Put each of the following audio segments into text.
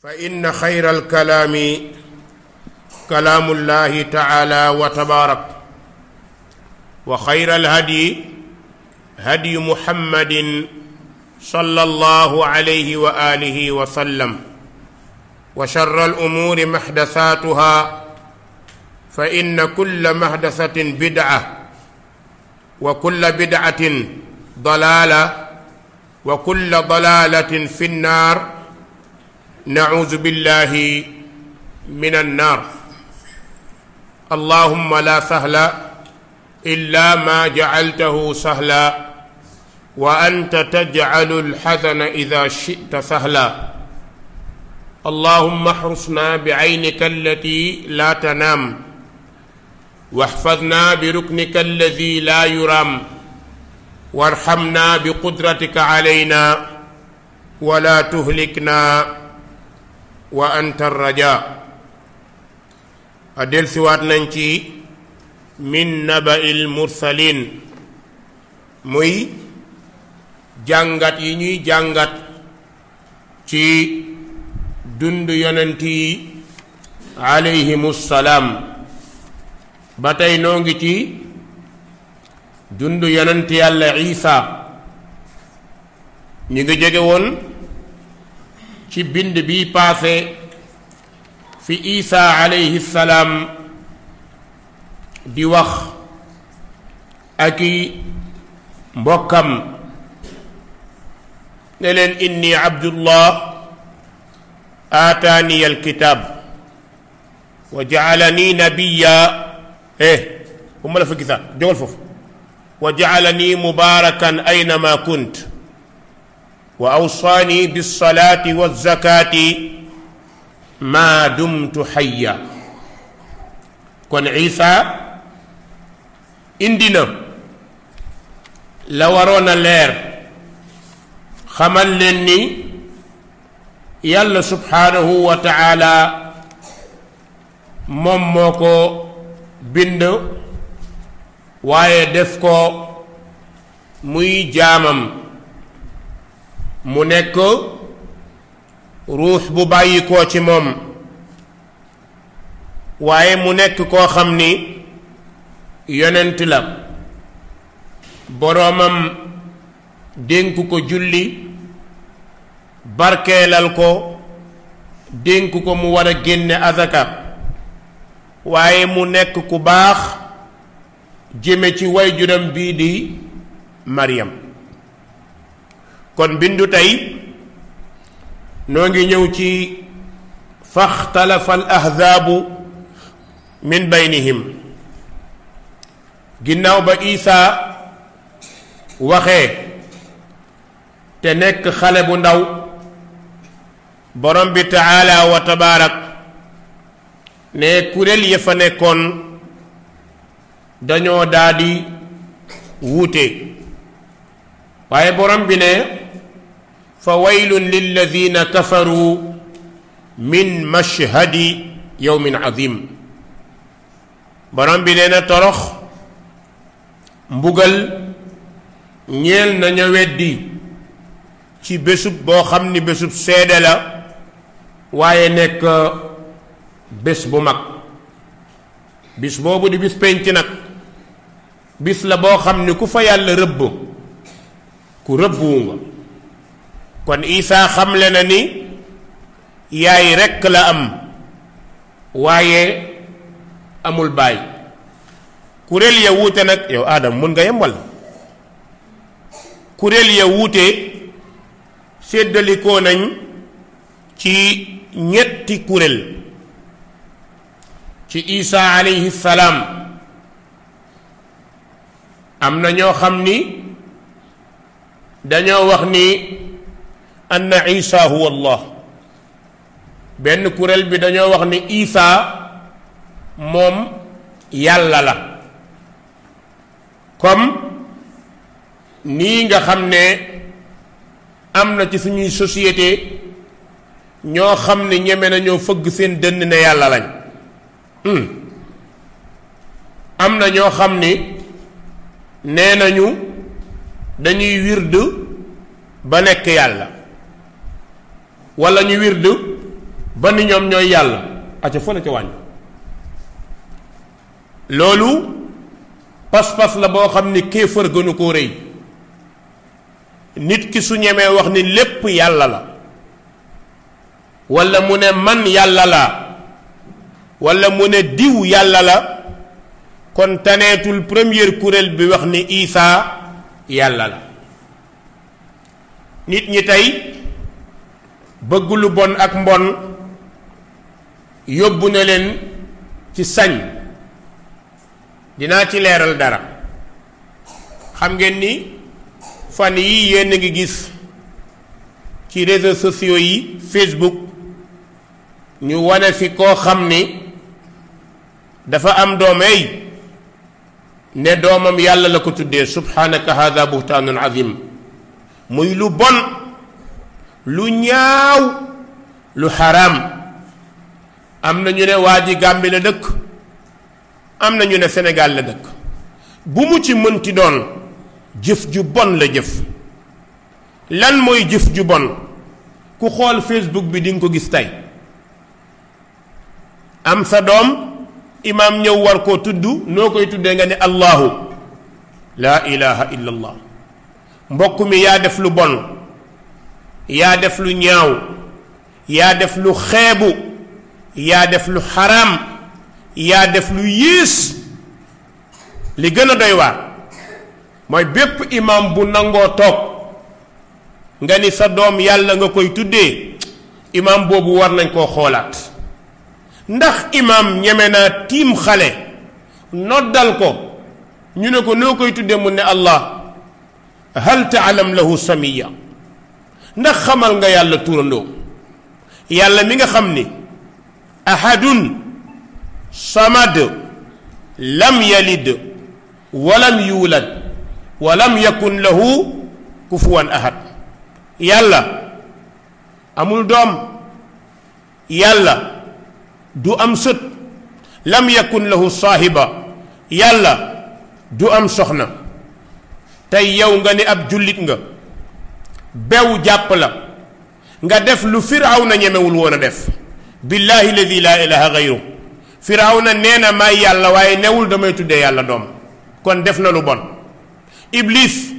fa inna xayra alkalaami kalaamu llahi taala wa tabaarak wa xayra alhadyi hadyu muhammadin sallallahu alayhi wa alihi wa sallam wa sharra alumuuri maxdasaatuha fa inna kulla maxdasatin bid'a wa kulla bid'atin dalaala wa kulla dalaalatin fi nnaar نعوذ بالله من النار اللهم لا سهل إلا ما جعلته سهلا وأنت تجعل الحزن إذا شئت سهلا اللهم احرسنا بعينك التي لا تنام واحفظنا بركنك الذي لا يرام وارحمنا بقدرتك علينا ولا تهلكنا wa anta raja a nañ ci min naba'il mursalin muy jàngat yi ñuy jàngat ci dund yonent yi alayhimu ba tey noo ngi ci dund yonent yàlla Isa ñu ngi jege woon ci bind bi paase fi isa alayhi salaam di wax ak mbokkam ne leen inni abdullah aataani alkitaab wa jaalani nabiya eh bu ma la fa gisaat jógal foofu wa jaalani mubaarakan aynama kunt wa awsaani bilsalaati walzakaati maa dumtu xayya kon isa indi la waroon leer xamal leen ni yàlla subhaanahu wa taala moom moo ko bind waaye def ko muy jaamam mu nekk ruus bu bàyyikoo ci moom waaye mu nekk koo xam ni yonent la boroomam dénk ko julli barkeelal ko dénk ko mu war a génne azaka waaye mu nekk ku baax jëme ci way juram bii di Maryam kon bindu tey noo ngi ñëw ci faxtalafa al ahzaabu min baynihim ginnaaw ba isa waxe te nekk xale bu ndaw borom bi taala wa ne kuréel yi fa nekkoon dañoo daldi wuute waaye borom bi ne fa waylun lilladina kafaru min mashhadi yawmin azim borom bi nee na torox mbugal ñeel nañu weddi ci bésub boo xam ni bésub seede la waaye nekk bés bu mag bis boobu di bis penc nag bis la boo xam ni ku fa yàlla rëbb ku rëbbuwu nga kon isaa xamle na ni yaay rekk la am waaye amul baay kuréel ya wuute nag yow aadam mun nga yem kuréel ya wuute séddalikoo nañ ci ñetti kuréel ci isaa alayhi salaam am na ñoo xam ni dañoo wax ni anna isa huwa allah benn kuréel bi dañoo wax ni isa moom yàlla la comme nii nga xam ne am na ci suñuy société ñoo xam ne ñeme nañoo fëgg seen dënn ne yàlla lañ hmm. am na ñoo xam ni nee nañu dañuy wird ba nekk yàlla wala ñu wird ba ni ñoom ñooy yàlla fon fële ca wàññi loolu pas-pas la boo xam ni kéefër gënu ko rëy nit ki su ñemee wax ni lépp yàlla la wala mu ne man yàlla la wala mu ne diw yàlla la kon taneetul première kuréel bi wax ni Isaa yàlla la nit ñi tey bëgg lu bon ak mbon yóbbu na leen ci sañ dinaa ci leeral dara xam ngeen ni fan yi yéen a ngi gis ci réseaux sociaux yi Facebook ñu wane fi koo xam ni dafa am doom ay ne doomam yàlla la ko tuddee subhaanaka hada buhtaanun azim muy lu bon lu ñaaw lu xaraam am na ñu ne waa ji Gàmbi la dëkk am na ñu ne Sénégal la dëkk bu mu ci mënti doon jëf ju bon la jëf lan mooy jëf ju bon ku xool Facebook bi di ko gis tey am sa doom imaam ñëw war koo tudd noo koy tuddee nga ne allahu laa ilaha illallah mbokk mi yaa def lu bon yaa def lu ñaaw yaa def lu xeebu yaa def lu xaraam yaa def lu yiis li gën a doy waar mooy bépp imam bu nangoo toog nga ni sa doom yàlla nga koy tuddee imam boobu war nañ koo xoolaat ndax imam ñeme naa tiim xale noddal ko ñu ne ko noo koy tuddee mu ne allah hal taalam lahu samiya ndax xamal nga yàlla turandoo yàlla mi nga xam ni ahadun samad lam yalid walam yuulad walam yakun lahu kufuwan ahad yàlla amul doom yàlla du am sët lam yakun lahu saahiba yàlla du am soxna tey yow nga ne ab jullit nga bew jàpp la nga def lu firawna ñemewul woon a def billaahi ladi laa ilaha gayru firawna nee na may yàlla waaye newul damay tuddee yàlla doom kon def na lu bon iblis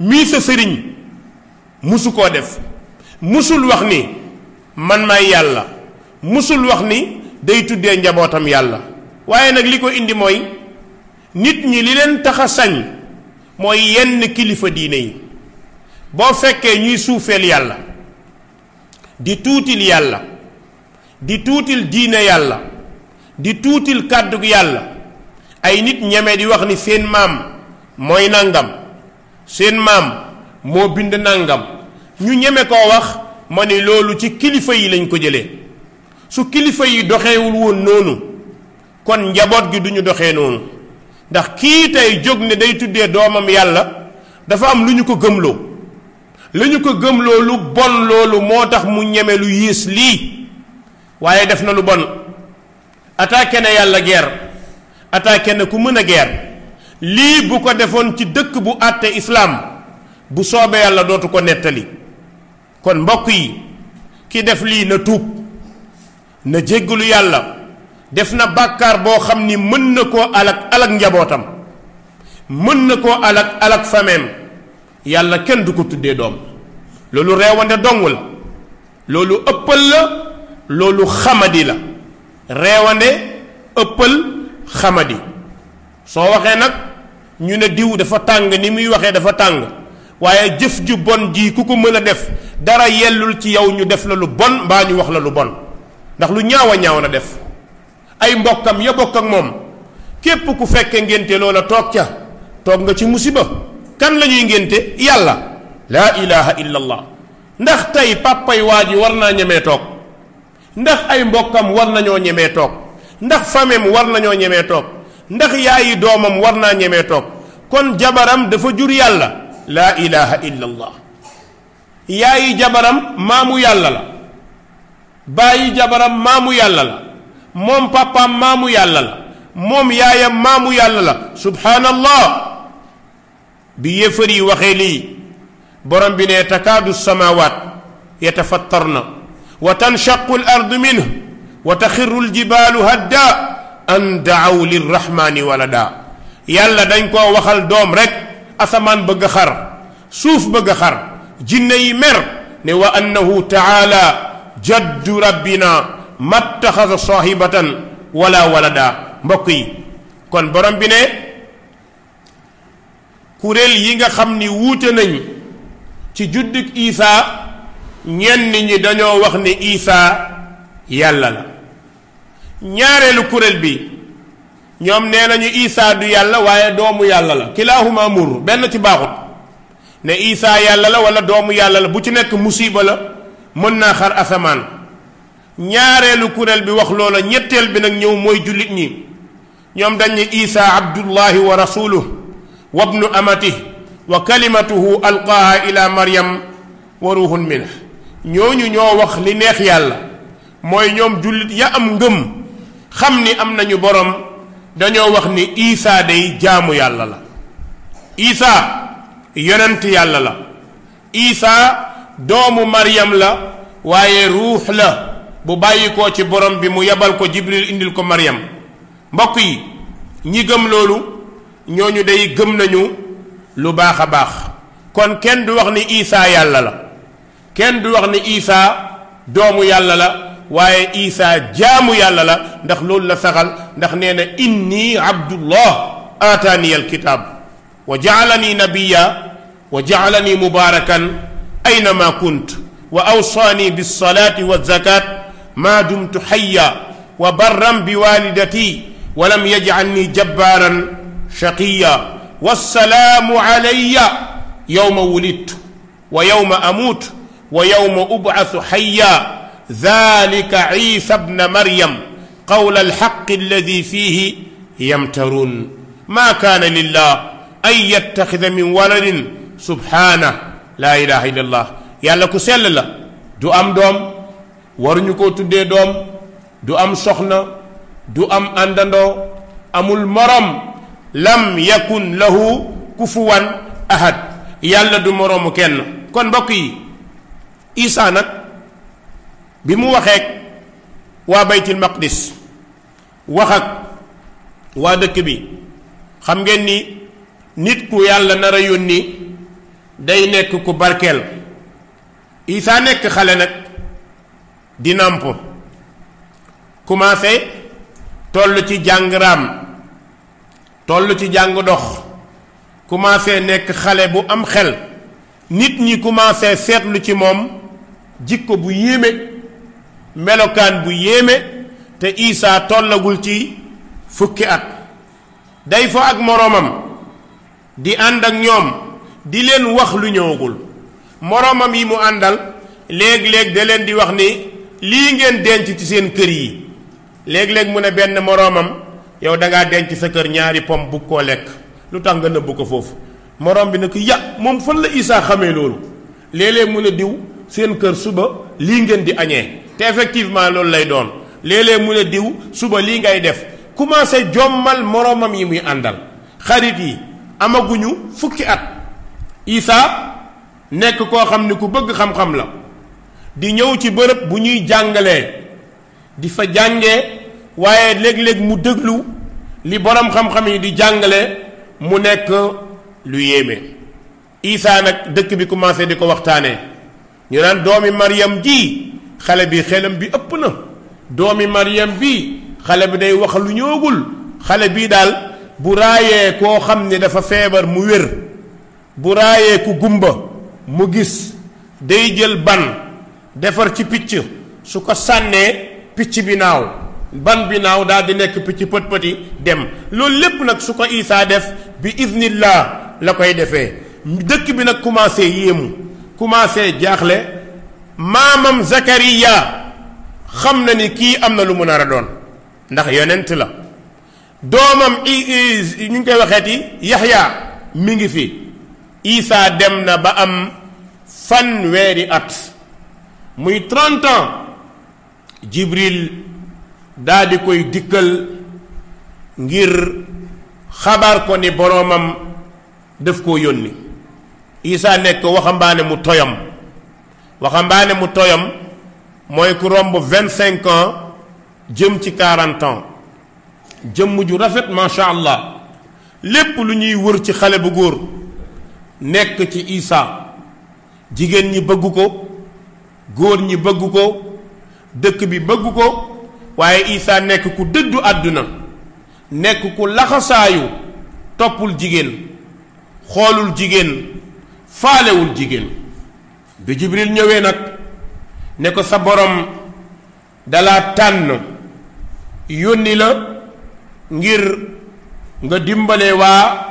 mii sa sëriñ musu koo def musul wax ni man may yàlla musul wax ni day tuddee njabootam yàlla waaye nag li ko indi mooy nit ñi li leen tax sañ mooy yenn kilifa diine yi boo fekkee ñuy suufeel yàlla di tuutil yàlla di tuutil diine yàlla di tuutil kàddug yàlla ay nit ñeme di wax ni seen maam mooy nangam seen maam moo bind nangam ñu ñeme koo wax ma ni loolu ci kilifa yi lañ ko jëlee su kilifa yi doxewul woon noonu kon njaboot gi duñu doxe noonu ndax kii tey jóg ne day tuddee doomam yàlla dafa am lu ñu ko gëmloo lañu ko gëm loolu bon loolu moo tax mu ñeme lu yiis lii waaye def na lu bon attaqué na yàlla guerre attaqué na ku mën a guerre lii bu ko defoon ci dëkk bu àtte islaam bu soobee yàlla dootu ko nettali kon mbokk yi ki def lii na tuub na jéggalu yàlla def na bàkkaar boo xam ni mën na koo alak alak njabootam mën na koo alak alak fameem yàlla kenn du ko tuddee doom loolu reewande dong la loolu ëppal la loolu xamadi la reewande ëppal xamadi soo waxee nag ñu ne diw dafa tàng ni muy waxee dafa tàng waaye jëf ju bon ji ku ko mën a def dara yellul ci yow ñu def la lu bon mbaa ñu wax la lu bon ndax lu ñaaw a ñaaw na def ay mbokkam ya bokk ak moom képp ku fekke ngénte loola toog ca toog nga ci musiba kan la ñuy ngénte yàlla laa ilaha illa ndax tey pàppay waa ji war naa ñeme toog ndax ay mbokkam war nañoo ñemee toog ndax famem war nañoo ñeme toog ndax yaayi doomam war naa ñemee toog kon jabaram dafa jur yàlla laa ilaha illa allah yaayi jabaram maamu yàlla la bàyyi jabaram maamu yàlla la moom pàppaam maamu yàlla la moom yaayam maamu yàlla la subhaanallah bi yéefar yi waxee lii borom bi ne takaadu samaawaat yatafattarna wa tanshaqu al ardu minhu wa taxirru al jibaalu hadda an daaw lirrahmaani walada yàlla dañ koo waxal doom rekk asamaan bëgg a xar suuf bëgg a xar jinne yi mer ne wa annahu taala jaddu rabbina mattaxasa saahibatan wala walada mbokk yi kon borom bi ne kuréel yi nga xam ni wuute nañu ci juddug isaa ñenn ñi dañoo wax ni isaa yàlla la ñaareelu kuréel bi ñoom nee nañu isaa du yàlla waaye doomu yàlla la kilaahuma mur benn ci baaxut ne isaa yàlla la wala doomu yàlla la bu ci nekk musiba la mën naa xar asamaan ñaareelu kuréel bi wax loola ñetteel bi nag ñëw mooy jullit ñi ñoom dañ ne isaa abdullahi wa rasuluh wa nu amati wa kalimatuhu alqaaha ila maryam wa ruuhun minhu ñooñu ñoo wax li neex yàlla mooy ñoom jullit ya am ngëm xam ni am nañu boroom dañoo wax ni isaa day jaamu yàlla la isaa yonent yàlla la isaa doomu maryam la waaye ruux la bu bàyyi ko ci borom bi mu yebal ko jibril indil ko maryam mbokk yi ñi gëm loolu ñooñu day gëm nañu lu baax a baax kon kenn du wax ni Isaa yàlla la kenn du wax ni Isaa doomu yàlla la waaye Isaa jaamu yàlla la ndax loolu la saxal ndax nee na inni abdullah aataani alkitaab wa jaalani nabiya wa jaalani mubaarakan aynama kunt wa awsaani bilsalaati walzakat maa dumtu xaya wa barran bi walidati wa lam yajcal ni jabbaaran shaqiya wassalaamu alayya yowma wulidtu wa yowma amuutu wa yowma ubcasu xayya dalika isa bna maryam qawla alxaqi alladi fiihi yamtaruun maa kaana lillah an yattaxida min waladin subhaana laa ilaha illa allah yàlla ku sell la du am doom waruñu koo tuddee doom du am soxna du am àndandoo amul morom lam yakun lahu kufuwan ahad yàlla du moroomu kenn kon mbokk yi isaa nag bi mu waxee waa baytul maqdis wax ak waa dëkk bi xam ngeen ni nit ku yàlla nara a yónni day nekk ku barkeel isaa nekk xale nag di nàmp commencé toll ci jàngraam toll ci jàng dox commencé nekk xale bu am xel nit ñi commencé seetlu ci moom jikko bu yéeme melokaan bu yéeme te Isaa tollagul ci fukki at day fa ak moroomam di ànd ak ñoom di leen wax lu ñëwagul moroomam yi mu àndal léegi léeg da leen di wax ni lii ngeen denc ci seen kër yi léegi léeg mu ne benn moroomam yow da ngaa denc sa kër ñaari pom bugg koo lekk lu tax nga nëbb ko foofu moroom bi ne ko moom fan la Isaa xamee loolu léeg-léeg mu ne diw seen kër suba lii ngeen di añee te effectivement loolu lay doon léeg-léeg mu ne diw suba lii ngay def commencé jommal moroomam yi muy àndal xarit yi amaguñu fukki at Isaa nekk koo xam ne ku bëgg xam-xam la di ñëw ci bërëb bu ñuy jàngalee di fa jànge waaye léeg-léeg mu déglu li borom xam-xam yi di jàngale mu nekk lu yéeme isaa nag dëkk bi commencé di ko waxtaanee ñu naan doomi Maryam ji xale bi xelam bi ëpp na doomi Maryam bi xale bi day wax lu ñoogul xale bii daal bu raayee koo xam ne dafa feebar mu wér bu raayee ku gumba mu gis day jël ban defar ci picc su ko sànnee picc bi naaw ban bi naaw daal di nekk picc pët pëti dem loolu lépp nag su ko isaa def bi iznillah la koy defee dëkk bi nag commencé yéemu commencé jaaxle maamam Zakariya xam na ni kii am na lu mu nar a doon ndax yonent la doomam i ñu ngi koy waxeeti Yaxya mu ngi fi isaa dem na ba am fanweeri at muy 30 ans Jibril daa koy dikkal ngir xabaar ko ni boroomam daf koo yónni isaa nekk waxambaane mu toyam waxambaane mu toyam mooy ku romb vingt cinq ans jëm ci quarante ans jëmm ju rafet macha allah lépp lu ñuy wër ci xale bu góor nekk ci isaa jigéen ñi bëgg ko góor ñi bëgg ko dëkk bi bëgg ko waaye isaa nekk ku dëddu àdduna nekk ku laxasaayu toppul jigéen xoolul jigéen faalewul jigéen bi Jibril ñëwee nag ne ko sa boroom dalaa tànn yónni la ngir nga dimbale waa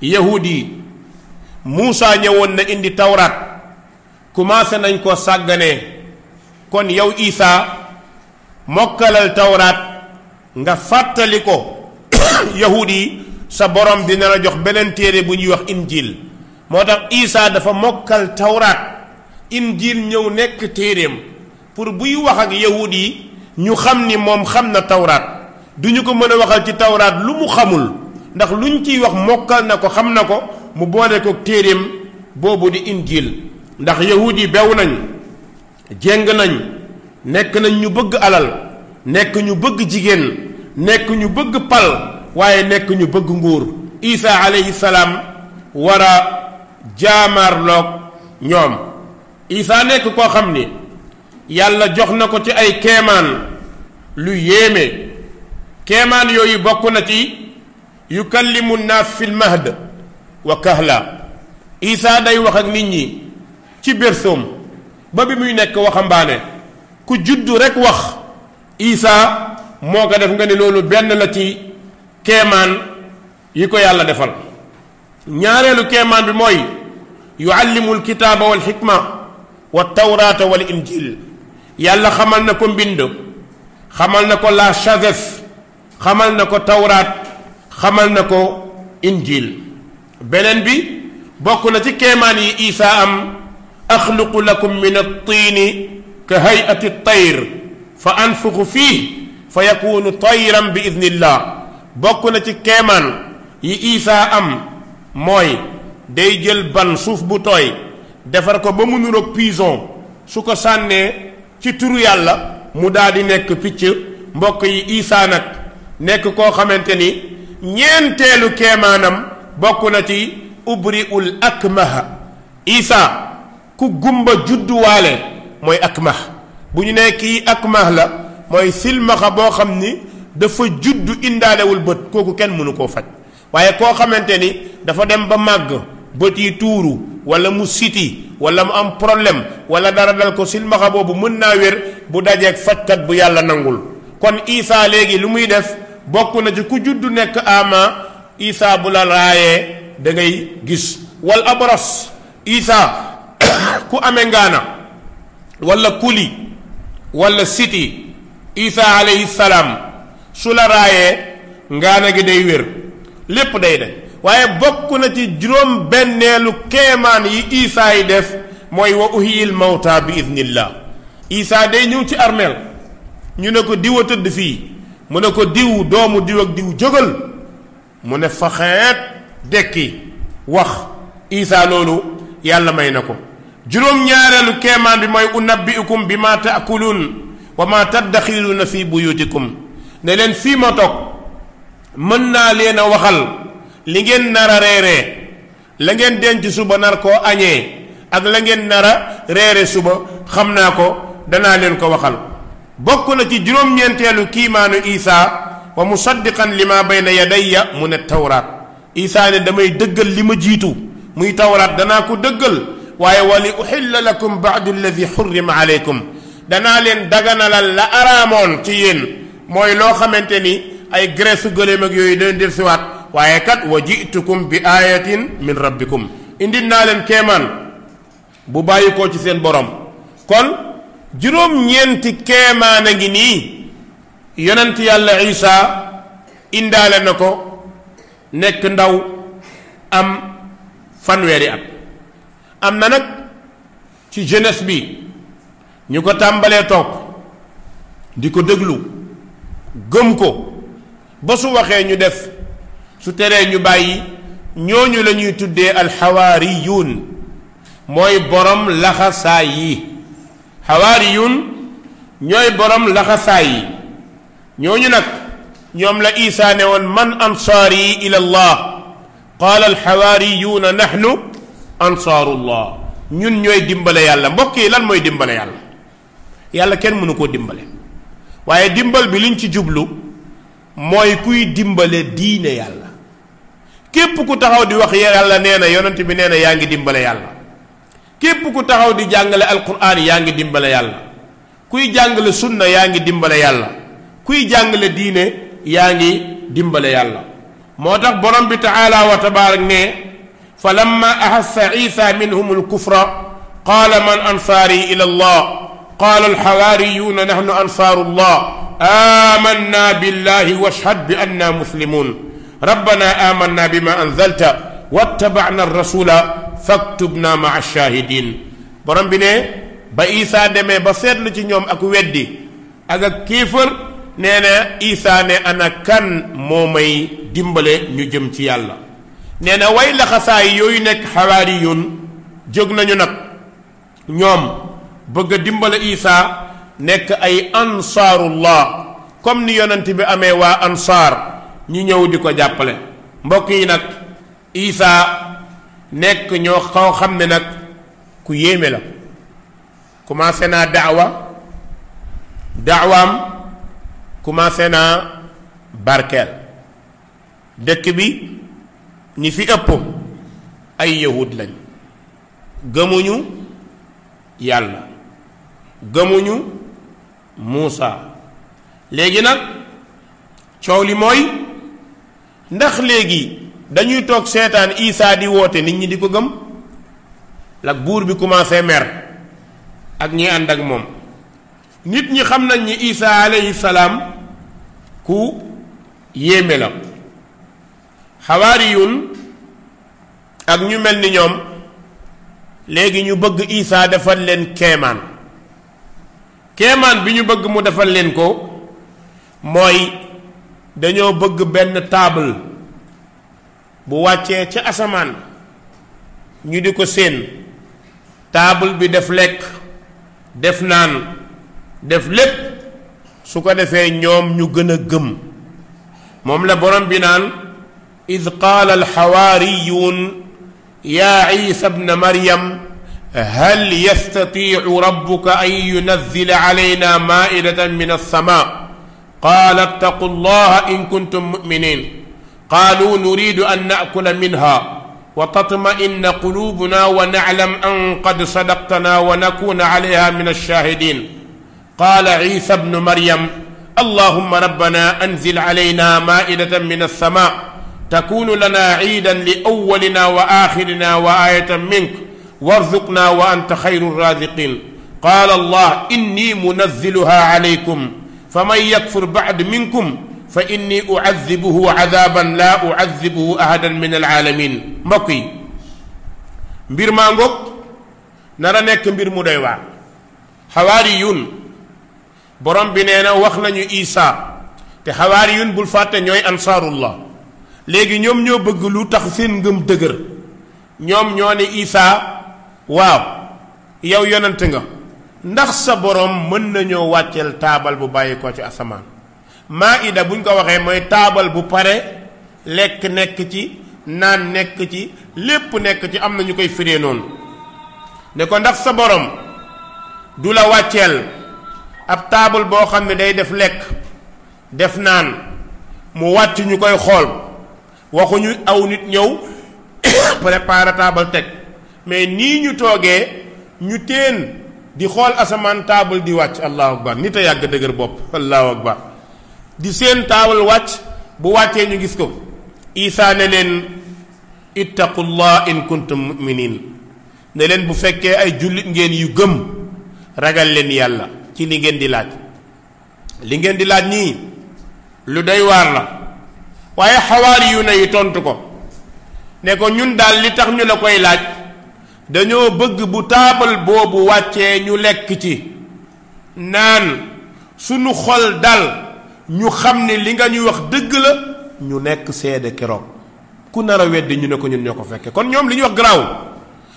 yahud yi Muusa ñëwoon na indi tawraat commencé nañ ko sàgganee kon yow Isa mokkalal tawraat nga fàttali ko yahud yi sa borom dina la jox beneen téere bu ñuy wax injil moo tax isaa dafa mokkal tawraat injil ñëw nekk téereem pour buy wax ak yahud yi ñu xam ni moom xam na tawraat du ñu ko mën a waxal ci tawraat lu mu xamul ndax lu ñu ciy wax mokkal na ko xam na ko mu boole ko téereem boobu di injil ndax yahud yi bew nañu jéng nañu nekk nañ ñu bëgg alal nekk ñu bëgg jigéen nekk ñu bëgg pal waaye nekk ñu bëgg nguur isa alayhi salaam war a jaamaarloog ñoom isa nekk koo xam ni yàlla jox na ko ci ay keemaan lu yéeme keemaan yooyu bokk na ci yukallimu naas fil mahd wa kahla isa day wax ak nit ñi ci bersoom ba bi muy nekk waxambaane ku juddu rekk wax Isaa moo ko def nga ne loolu benn la ci keemaan yi ko yàlla defal ñaareelu keemaan bi mooy yuallimu alkitaaba wal xikma wa tawraata wal injil yàlla xamal na ko mbind xamal na ko la sagesse xamal na ko tawraat xamal na ko injil beneen bi bokk na ci keemaan yi Isaa am axluqu lakum min at ka hayati tayr fa anfuxu fii fa yakunu tayran bi idnillah bokk na ci keemaan yi isaa am mooy day jël ban suuf bu tooy defar ko ba mu nuroog pison su ko sànnee ci turu yàlla mu daal di nekk picc mbokk yi isaa nag nekk koo xamante ni ñeenteelu keemaanam bokk na ci ubri ul akmaha isaa ku gumba judduwaale mooy ak max bu ñu nee kii ak max la mooy silmaxa boo xam ni dafa juddu indaalewul bët kooku kenn mënu koo faj waaye koo xamante ni dafa dem ba màgg bët yi tuuru wala mu siti wala mu am problème wala dara dal ko silmaxa boobu mën naa wér bu dajeek fajkat bu yàlla nangul kon Isaa léegi lu muy def bokk na ci ku judd nekk ama Isaa bu la raayee da gis wal abros Isaa ku ame ngaana wala kuli wala siti isa alayhi salaam su la raayee ngaana gi day wér lépp day dañ waaye bokk na ci juróom benneelu keemaan yi isaa yi def mooy wa uhiyil mawta bi idnillah isa day ñëw ci armeel ñu ne ko diw a tëdd fii mu ne ko diw doomu diw ak diw jógal mu ne faxeet dekki wax isaa loolu yàlla may na ko juróom-ñaareelu keemaan bi mooy unabbiukum bi ma taakuluun wa ma na fi buyutikum ne leen fii ma toog mën naa leen a waxal li ngeen nar a reeree la ngeen denc suba nar koo añee ak la ngeen nara a reere suba xam naa ko danaa leen ko waxal bokk na ci juróom-ñeenteelu kiimaanu isaa wa musaddiqan li ma bay na ya day yadayya mu ne tawraat isaa ne damay dëggal li ma jiitu muy tawraat danaa ko dëggal waaye wali uxilla lakum baadu alladi xurrima leen daganalal la araamoon ci yéen mooy loo xamante ni ay graisse gëléem ak yooyu dañ dir siwaat waaye kat wa jitukum bi ayatin min rabbikum indil naa leen keemaan bu bàyyi ko ci seen borom kon juróom-ñeenti keemaan ngi nii yonent yàlla isaa indaale na ko nekk ndaw am fanweeri at am na nag ci jeunesse bi ñu ko tàmbalee toog di ko déglu gëm ko ba su waxee ñu def su teree ñu bàyyi ñooñu lañuy tuddee alxawaariyuun mooy borom laxasaay yi xawaariyuun ñooy borom laxasaay yi ñooñu nag ñoom la isaa ne woon man ansaari ila allah qaala alxawaariyuuna naxnu ansaarullah ñun ñooy dimbale yàlla mbokk yi lan mooy dimbale yàlla yàlla kenn mënu koo dimbale waaye dimbal bi liñ ci jublu mooy kuy dimbale diine yàlla képp ku taxaw di wax yàlla nee na yonent bi nee na yaa ngi dimbale yàlla képp ku taxaw di jàngale alquraan yaa ngi dimbale yàlla kuy jàngale sunna yaa ngi dimbale yàlla kuy jàngale diine yaa ngi dimbale yàlla moo tax borom bi taala wa tabaarak ne fa lamma ahassa isa minhum alkufra qaala man ansaari ila allah qaala alxawaariyuuna nahnu ansaaru allah aamannaa billahi washhad bi annaa muslimuun rabbanaa aamannaa bimaa anzalta wattaba'naa rasuula faktubnaa ma'a shaahidiin borom bi ne ba Isa demee ba seetlu ci ñoom ak weddi ak ak kéefër nee na Isa ne ana kan moo may dimbale ñu jëm ci yàlla nee na way laxasaay yooyu nekk xawaariyun jóg nañu nag ñoom bëgg a dimbale isaa nekk ay ansaarullah comme ni yonent bi amee waa ansaar ñi ñëw di ko jàppale mbokk yi nag isaa nekk ñoo xaw xam ne nag ku yéeme la commencé naa daawa daawaam commencé naa barkeel dëkk bi ñi fi ëpp ay yahud lañ gëmuñu yàlla gëmuñu Muusa léegi nag coow li mooy ndax léegi dañuy toog seetaan Isaa di woote nit ñi di ko gëm la buur bi commencé mer ak ñi ànd ak moom nit ñi xam nañ ni Isaa alayhi salaam ku yéeme la xawaariyun ak ñu mel ni ñoom léegi ñu bëgg Isaa defal leen keemaan keemaan bi ñu bëgg mu defal leen ko mooy dañoo bëgg benn taabal bu wàccee ca asamaan ñu di ko séen taabal bi def lekk def naan def lépp su ko defee ñoom ñu gën a gëm moom la borom bi naan إذ قال الحواريون يا عيسى ابن مريم هل يستطيع ربك أن ينزل علينا مائدة من السماء قال اتقوا الله إن كنتم مؤمنين قالوا نريد أن نأكل منها وتطمئن قلوبنا ونعلم أن قد صدقتنا ونكون عليها من الشاهدين قال عيسى ابن مريم اللهم ربنا أنزل علينا مائدة من السماء takunu lana iidan li awalina wa axirina wa aayatan mink warzuqna wa anta xayru raziqin qaala allah inni munazziluha alaykum faman yakfur bacd minkum fa inni ucazibuhu cadaaban laa ucazibuhu ahadan min alaalamin mbokk yi mbir maa ngoog nar a nekk mbir mu doy waar xawaariyun borom bi nee na wax nañu isaa te xawaariyun bul fàtte ñooy ansaarullah léegi ñoom ñoo bëgg lu tax seen ngëm dëgër ñoom ñoo ne Isaa waaw yow yonent nga ndax sa borom mën nañoo wàcceel taabal bu bàyyi ko ci asamaan maida bu ñu ko waxee mooy taabal bu pare lekk nekk ci naan nekk ci lépp nekk ci am na ñu koy firee noonu ne ko ndax sa boroom du la wàcceel ab taabal boo xam ne day def lekk def naan mu wàcc ñu koy xool waxuñu aw nit ñëw préparer taabal teg mais nii ñu toogee ñu teen di xool asamaan taabal di wàcc allahu akbar nit a yàgg dëgër bopp allahu akbar di seen taabal wàcc bu wàccee ñu gis ko isaa ne leen ittaqullah in kuntum muminin ne leen bu fekkee ay jullit ngeen yu gëm ragal leen yàlla ci li ngeen di laaj li ngeen di laaj nii lu doy waar la waaye xawaar yu ne yi tontu ko ne ko ñun daal li tax ñu la koy laaj dañoo bëgg bu taabal boobu wàccee ñu lekk ci naan sunu xol dal ñu xam ne li nga ñuy wax dëgg la ñu nekk seede keroog ku nar a weddi ñu ne ko ñun ñoo ko fekkee kon ñoom li ñuy wax garaaw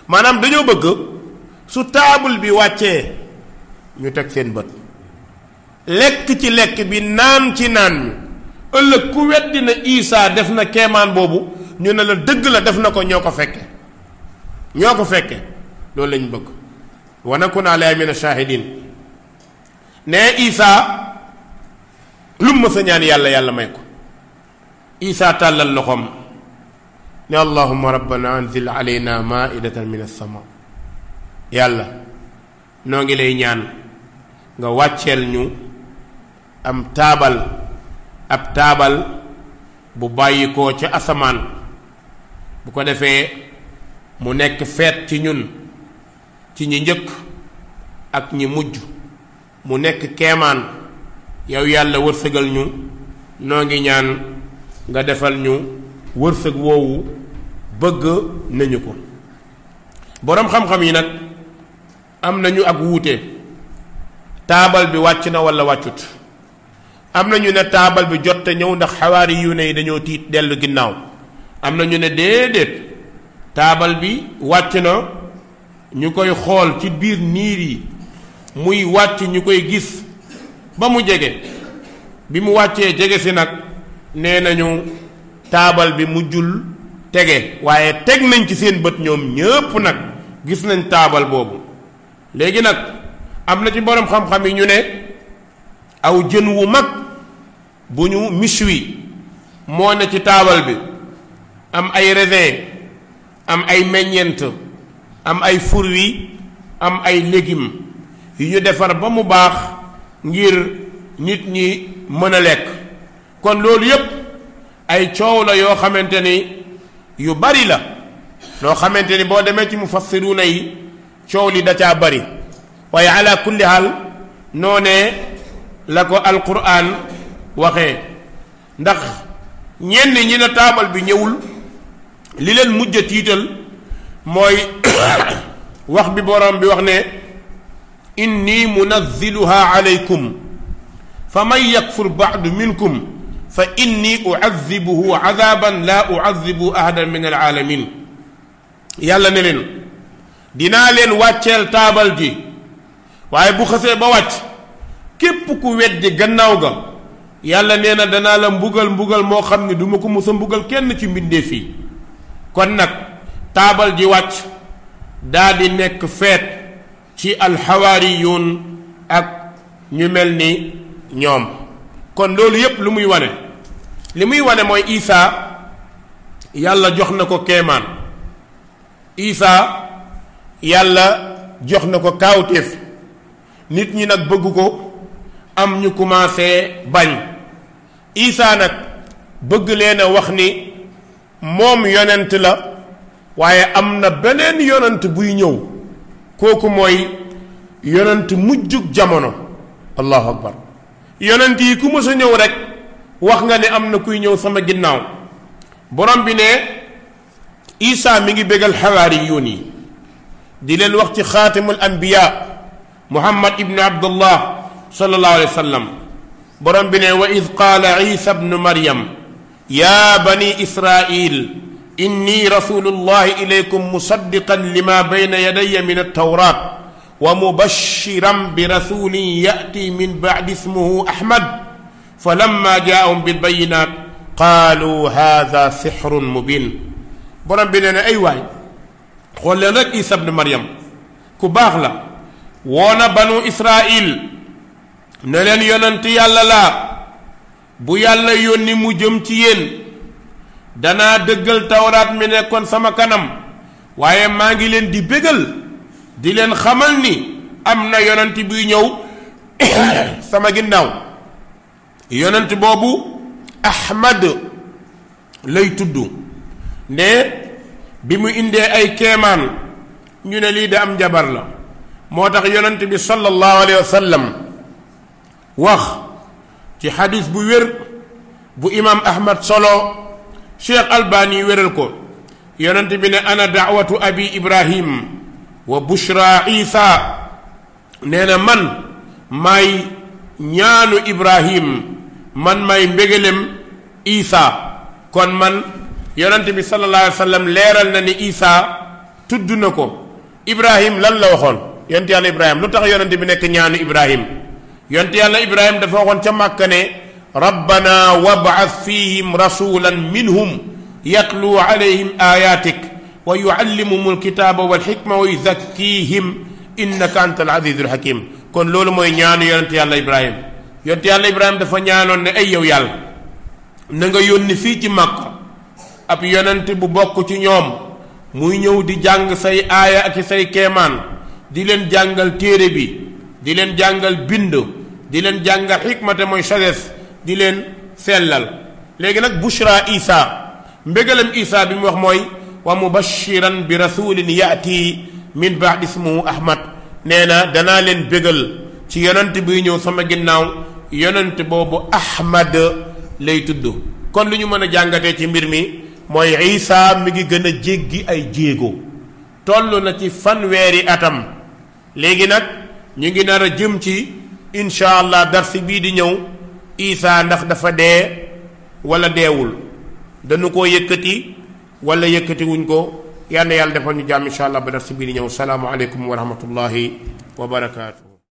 maanaam dañoo bëgg su taabal bi wàccee ñu teg seen bët lekk ci lekk bi naan ci naan ñu ëllëg ku weddi na Isaa def na kemaan boobu ñu ne la dëgg la def na ko ñoo ko fekke ñoo ko fekke loolu lañ bëgg wa nakuna laa mina shahidin nee Isaa lu mu mës a ñaan yàlla yàlla may ko Isaa tàllal loxoom ne allahumma rabbana anzil alayna maidatan min as-sama yàlla noo ngi lay ñaan nga wàcceel ñu am taabal ab taabal bu bàyyikoo ca asamaan bu ko defee mu nekk feet ci ñun ci ñi njëkk ak ñi mujj mu nekk kemaan yow yàlla wërsëgal ñu noo ngi ñaan nga defal ñu wërsëg woowu bëgg nañu ko boroom xam-xam yi nag am nañu ak wuute taabal bi wàcc na walla wàccut am na ñu ne taabal bi jot te ñëw ndax xawaari yu ne yi dañoo tiit dellu ginnaaw am na ñu ne déedéet taabal bi wàcc na ñu koy xool ci biir niir yi muy wàcc ñu koy gis ba mu jege bi mu wàccee jege si nag nee nañu taabal bi mu jul tege waaye teg nañ ci seen bët ñoom ñépp nag gis nañ taabal boobu léegi nag am na ci boroom xam-xam yi ñu ne aw jën wu mag bu ñu méchoui moo ne ci taabal bi am ay raisin am ay meññeent am ay fruits am ay légumes yu ñu defar ba mu baax ngir nit ñi mën a lekk kon loolu yépp ay coow la yoo xamante ni yu bari la yoo xamante ni boo demee ci mu mufassiruuna yi coow li da caa bari waaye ala kulli haal noonee la ko alquran waxe ndax ñenn ñi ne taabal bi ñëwul li leen mujj tiital mooy wax bi borom bi wax ne inni munazziluha alaykum fa man yakfur baadu minkum fa inni uazibuhu azaban laa uazibu ahadan min yàlla ne leen dinaa leen wàcceel taabal ji waaye bu xësee ba wàcc képp ku weddi gannaaw ga yàlla nee na dana la mbugal mbugal moo xam ne duma ko mës a mbugal kenn ci mbindeef yi kon nag taabal ji wàcc daa di nekk feet ci yoon ak ñu mel ni ñoom kon loolu yépp lu muy wane li muy wane mooy isaa yàlla jox na ko kemaan isaa yàlla jox na ko kaawteef nit ñi nag bëggu ko am ñu commencé bañ Isa nag bëgg leen a wax ni moom yonent la waaye am na beneen yonent buy ñëw kooku mooy yonent mujjug jamono allahu akbar yonent yi ku mës a ñëw rek wax nga ni am na kuy ñëw sama ginnaaw borom bi ne Isa mi ngi bégal xawaari yuun yi di leen wax ci xaatimul anbiya muhammad ibnu abdullah sallallahu alayhi wa sallam borom bi ne wa id qaala isa bnu maryam yaa bani israil inni rasulullahi ilaykum musaddiqan lima bayna yadaya min altawrat wa mubashiran bi rasulin yati min bacdi ismuhu ahmad falamma jaahum bilbayinat qaalu hada sixrun mubin borom bi nee na ay waay xool leen rek isa bnu maryam ku baax la woona banu israil ne leen yonent yàlla laa bu yàlla yónni mu jëm ci yéen danaa dëggal tawraat mi nekkoon sama kanam waaye maa ngi leen di bégal di leen xamal ni am na yonent buy ñëw sama ginnaaw yonent boobu Ahmad lay tudd ne bi mu indee ay keemaan ñu ne lii da am jabar la moo tax yonent bi sallallahu alayhi wa wax ci xadis bu wér bu imaam ahmad solo cheikh albani wéral ko yonent bi ne ana daawatu abi ibrahim wa bushra isa nee na man may ñaanu ibrahim man may mbégalem isa kon man yonent bi sallallahu alayhi wa sallam leeral na ni isa tudd na ko ibrahim lan la waxoon yonent yàlla ibrahim lu tax yonent bi nekk ñaanu ibrahim yonte yàlla ibrahima dafa waxoon ca màkka ne rabbana wabaas fihim rasulan minhum yatlu alayhim wa yuallimuhum alkitaaba walxikma wa yuzakkihim innaka kon loolu mooy ñaanu yonte yàlla ibrahima yonte yàlla ibrahima dafa ñaanoon ne ay yow yàlla na nga yónni fii ci màkka ab yonent bu bokk ci ñoom muy ñëw di jàng say aaya say keemaan di leen jàngal téere bi di leen jàngal bind di leen jàngal xikmate mooy sagesse di leen sellal léegi nag bushra isa mbégalam isa bi mu wax mooy wa mubashiran bi rasulin yaati min baad ismuhu ahmad nee na danaa leen bégal ci yonent buy ñëw sama ginnaaw yonent boobu ahmad lay tudd kon lu ñu mën a jàngatee ci mbir mi mooy isa mu ngi gën a jéggi ay jéego toll na ci fanweeri atam léegi nag ñu ngi nar a jëm ci incha allah darsi bii di ñëw Isa ndax dafa dee wala deewul dañu koo yëkkati wala yëkkati wuñ ko yal yàlla defal ñu jàmm incha allah ba darsi bii di ñëw salaamualeykum wa rahmatullahi wa